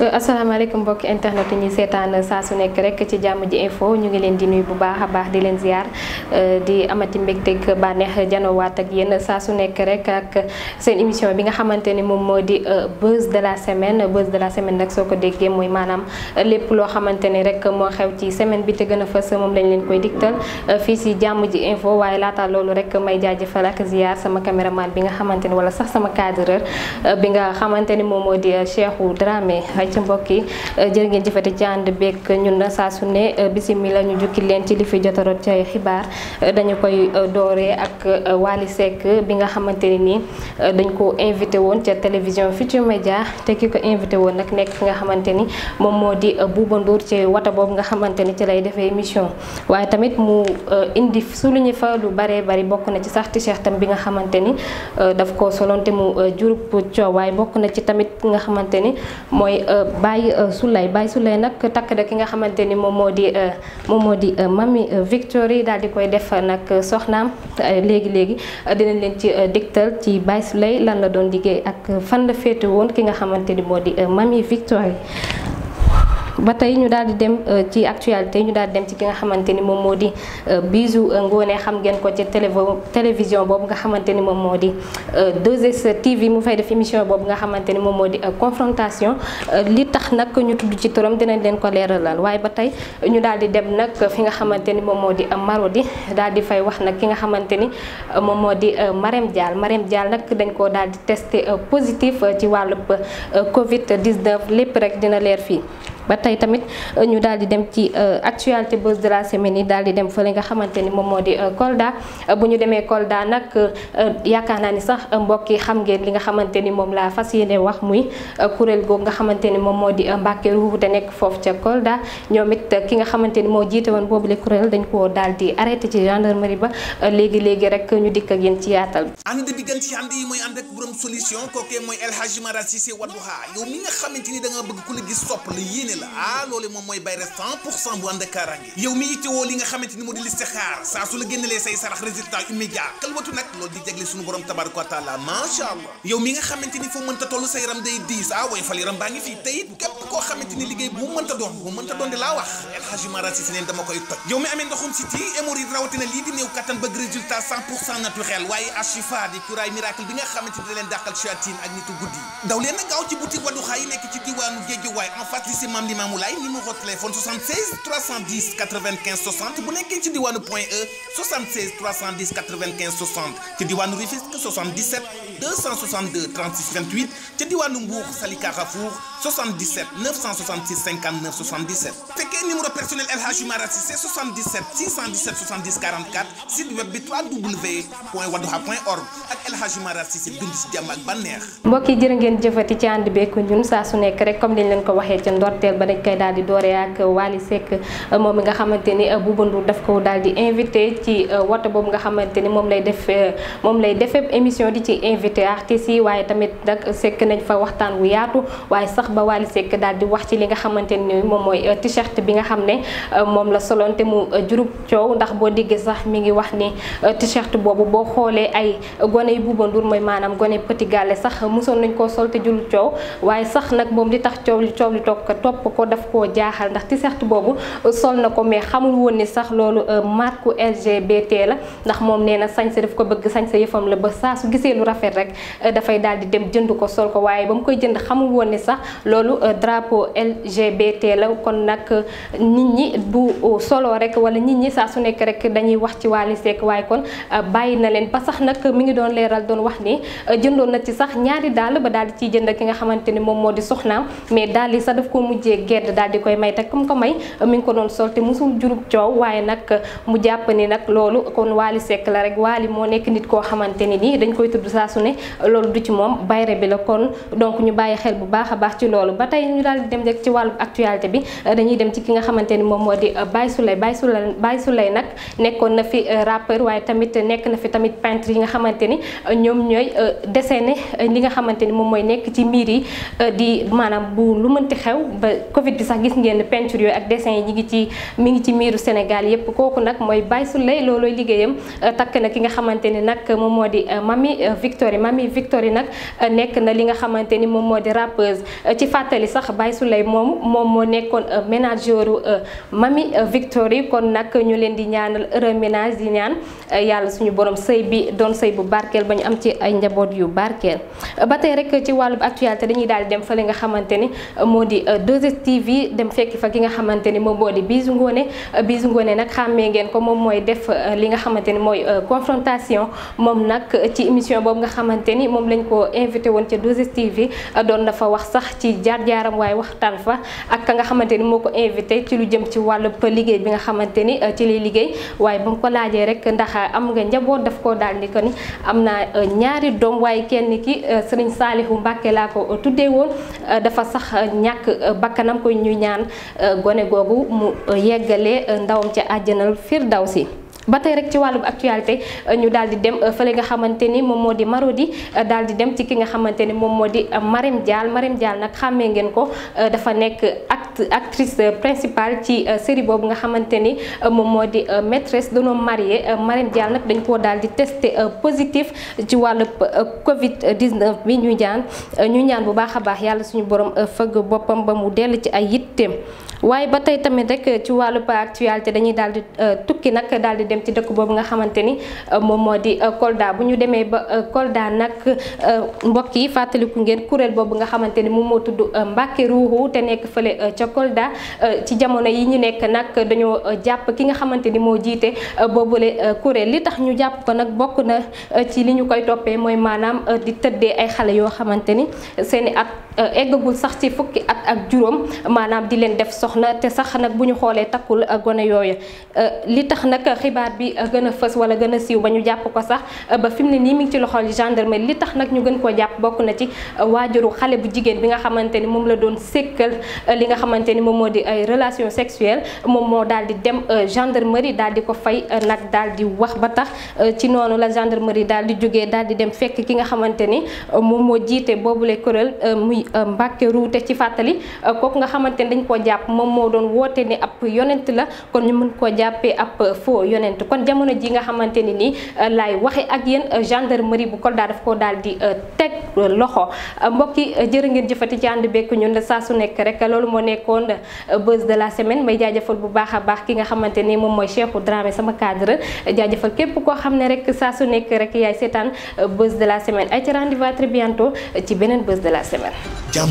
Euh, asalaamaaleykum mbokki internet yi ñuy seetaan saa su nekk rek ci jàmm ji info ñu ngi leen di nuyu bu baax a baax di leen ziar euh, di amati mbégteeg bànneex janowaat ak yéen saa su nekk rek ak seen émission bi nga xamante ni moom moo di euh, buzz de la semaine buzz de la semaine nag soo ko déggee mooy maanaam lépp loo xamante ni rek moo xew ci semaine bi te gën a fës moom lañ leen koy digtal fii si jàmm ji info waaye laata loolu rek may jaajëfal ak ziar sama caméraman bi nga xamante ni wala sax sama cadreur bi nga xamante ni moom moo di Cheikhou amee ci mbokk yi eh, jërë ngeen jëfati ci ànd beeg ñun saa su ne eh, bisimila ñu jukki leen ci li fi jotaroot ci xibaar eh, dañu koy dooree ak Wally Seck bi nga xamante ne nii dañ ko invité woon ca télévision Futurs Médias te ki ko invité woon nag nekk nga xamante ni moom moo di Bouba Ndour ci wata boobu nga xamante ni ci lay defee mission waaye tamit mu indi souligné fa lu baree bari bokk na ci sax t-shirt tam bi nga xamante ni daf ko solonte mu jurub coow waaye bokk na ci tamit nga xamante mooy euh, Baye euh, Souley Baye Souley nag takk da ki nga xamante ni moom moo di euh, moom moo di Mamy Victory daal di koy def nag soxnaam léegi léegi dinañ leen ci dégtal ci Baye Souley lan la doon liggéey ak fan la féete woon ki nga xamante ni moo di Mamy Victory ba tey ñu daal di dem euh, ci actualité ñu daal di dem ci ki nga xamante ni moom moo di euh, Bijou Ngoné xam ngeen ko ci télé télévision boobu nga xamante ni moom moo di 2STV euh, mu fay def émission boobu nga xamante ni moom moo di confrontation li tax nag ñu tudd ci turam dinañ leen ko laal waaye ba tey ñu daal di dem nag fi nga xamante ni moom moo di Marodi daal di fay wax nag ki nga xamante ni moom moo di Marème Dial Marème Dial dañ koo daal di testé positif ci wàllub Covid 19 lépp rek dina leer fii. ba tey tamit euh, ñu daal di dem ci euh, actualité buzz de la semaine yi daal di dem fële nga xamante ni moom moo di euh, Kolda bu ñu demee Kolda nag yaakaar naa ni sax mbokk yi xam ngeen li nga xamante ni moom laa fas yéene wax muy kuréel googu nga xamante ni moom moo di Mbàkke Ruuhu da nekk foofu ca Kolda ñoom it ki nga xamante ni moo jiite woon boobu boobule kuréel dañ koo daal di arrêté ci gendarmerie ba léegi léegi rek ñu dikk ak yéen ci yaatal bi. ànd bi gën ci ànd yi mooy ànd ak borom solution kookee mooy El Hadji Mara Cissé Ah, loolu moom mooy bayre 100 pour cent bu ànd yow mi yittewoo li nga xamante ni di listixaar saa su la génnelee say sarax résultat immédiat kalwatu nag loolu di wa taala macha allah ah, doon di laa wax El Hadji Mara Cissé dama koy toj yow mi amee ndoxum si ti hémorroïde rawatina lii di néew kattan bëgg résultat 100 pour cent naturel waaye Ashifa di curaay miracle bi nga xamante ni da leen dàqal shayatin ak nitu guddi daw leen na gaaw ci boutique Wadduha yi Maam Limaamu Laay numéro téléphone 76 310 95 60 bu nekkee ci diwaanu Point E 76 310 95 60 ci diwaanu Rufisque 77 262 36 28 ci diwaanu Mbour Sali Carrefour 77 966 59 77. fekkee numéro personnel El Hadj Mara Cissé 77 617 70 44 site web bi www.wadduha.org ak El Hadj Mara Cissé dund si jàmm ak bànneex. mbokk yi jërë ngeen jëfati ci ànd beeku ñun saa su nekk rek comme ni leen ko waxee ca ndorte. ñetteel ba dañ koy daal di dooree ak Wally Seck moom mi nga xamante ni Bouba Ndour daf ko daal di invité ci euh, woto boobu nga xamante ni moom lay def euh, moom lay defee émission di ci invité artistes yi waaye tamit nag sekk nañ fa waxtaan wu yaatu waaye sax ba Wally Seck daal di wax ci li nga xamante ni moom mooy euh, t-shirt bi nga xam ne moom la soloon te mu jurub coow ndax boo diggee sax mi ngi wax ni t-shirt boobu boo xoolee ay gone yu Bouba mooy maanaam gone Petit Gallé sax mosoon nañ koo sol te jurub topp ko daf koo jaaxal ndax t-shirt boobu euh, sol na ko mais xamul woon ni sax loolu euh, marque LGBT la ndax moom nee na sañse daf ko bëgg sañse yëfam la ba saa su gisee lu rafet rek euh, dafay daal di dem jënd ko sol ko waaye ba koy jënd xamul woon ni sax loolu drapeau LGBT la kon nag nit ñi bu solo rek wala nit ñi saa su nekk rek dañuy wax ci wàll Seck waaye kon bàyyi na leen ba sax nag mu ngi doon leeral doon wax ni jëndoon na ci sax ñaari dàll ba daal di ciy jënd ki nga xamante ni moom moo di soxnaam mais dàll sax daf ko mujj mujjee gedd daal di koy may te comme ko may mi ngi ko doon sol te musul jurub coow waaye nag mu jàpp ni nag loolu kon Wally sekk la rek Wally moo nekk nit koo xamante ni nii dañ koy tudd saa su loolu du ci moom bayre bi la kon donc ñu bàyyi xel bu baax a baax ci loolu ba tey ñu daal di dem rek ci wàllu actualité bi dañuy dem ci ki nga xamante ni moom moo di Baye Souley Baye Souley Baye Souley nag nekkoon na fi euh, rappeur waaye tamit nekk na fi tamit peintre yi nga xamante ni euh, ñoom ñooy euh, ne li nga xamante ni moom mooy nekk ci miir yi di maanaam bu lu mënti xew Covid bi sax gis ngeen peinture yooyu ak dessin yi ngi ci mi ngi ci miiru Sénégal yépp kooku nag mooy Baye Souley loolooy liggéeyam euh, takk na ki nga xamante ni nag moom moo di euh, Mami euh, Victory Mami Victory nag nekk na li nga xamante ni moom moo di rappeuse ci fàttali sax Baye moom moom moo nekkoon ménageru Mami Victory kon nag ñu leen di ñaanal heureux ménage di ñaan yàlla suñu borom sëy bi doon sëy bu barkeel ba ñu am ci ay njaboot yu barkeel ba tey rek ci wàllu actualité dañuy daal di dem fële nga xamante ni moo di 2STV dem fekki fa ki nga xamante ni moom moo di Bijou Ngoné euh, Bijou Ngoné nag xàmmee ngeen ko moom mooy def euh, li nga xamante ni mooy euh, confrontation moom nag ci émission boobu nga xamante ni moom lañ ko invité woon ca 2STV doon na fa wax sax ci jaar-jaaram waaye waxtaan fa ak ka nga xamante ni moo ko invité ci lu jëm ci wàllub liggéey bi nga xamante ni ci lay liggéey waaye ba mu ko laajee rek ndax am nga njaboot daf koo dal ni ko ni am naa ñaari doom waaye kenn ki Serigne Saliou Mbacké laa ko tuddee woon dafa sax ñàkk bakkan kanam ko ñu ñaan euh, gone googu mu euh, yeggale euh, ndawam ca àjjanal firdawsi ba tey rek ci wàllu actualité euh, ñu daal di dem euh, fële nga xamante ni moom moo di Marodi euh, daal di dem ci ki nga xamante ni moom moo di Marème Dial Marème Dial nag xàmmee ngeen ko dafa nekk act actrice principal ci série boobu nga xamante ni moom moo di maîtresse d'un homme marié Marème Dial nag dañ koo daal di testé positif ci wàll Covid 19 bi ñu ñaan ñu ñaan bu baax a baax yàlla suñu borom fëgg boppam ba mu dell ci ay yitteem. waaye ba tey tamit rek eh, ci wàllu ba actualité dañuy daal di eh, tukki nag daal di dem ci dëkk boobu nga xamante ni eh, moom moo di Kolda bu ñu demee ba Kolda nag mbokk yi fàttaliku ngeen kuréel boobu nga xamante ni moom moo tudd Mbàkke Ruuxu te nekk fële ca Kolda ci jamono yi ñu nekk nag dañoo jàpp ki nga xamante ni moo jiite boobule kuréel li tax ñu jàpp ko nag bokk na ci li ñu koy toppee mooy maanaam di tëddee ay xale yoo xamante ni seeni at eggagul sax ci fukki at ak juróom maanaam di leen def sox soxna te sax nag bu ñu xoolee takkul gone yooyu euh, li tax nag xibaar bi gën a fës wala gën a siiw ba ñu jàpp ko sax euh, ba fi mu ne nii mi ngi ci loxol gendarmerie li tax nag ñu gën koo jàpp bokk na ci euh, waajuru xale bu jigéen bi nga xamante ni moom la doon sékkal li nga xamante ni moom moo di ay relation sexuelle moom moo daal di dem gendarmerie daal di ko fay nag daal di wax ba tax ci noonu la gendarmerie daal di jógee daal di dem fekk ki nga xamante ni moom moo jiite boobule kuréel muy Mbàkke ci fàttali kooku nga xamante ni dañ koo jàpp moom moo doon woote ni ab yonent la kon ñu mën koo jàppee ab faux yonent kon jamono ji nga xamante ni nii euh, laay waxe ak yéen euh, gendarmerie bu Kolda daf koo daal di euh, teg loxo mbokk yi jërë ngeen jëfal ci ànd bekk ñun saa su nekk rek loolu moo nekkoon buzz de la semaine may jaajëfal bu baax a baax ki nga xamante ni moom mooy Cheikhou Dramé sama cadre jaajafal képp koo xam ne rek saa su nekk rek yaay seetaan buzz de la semaine ay ci rendez-vous ci beneen buzz de la semaine. jàmm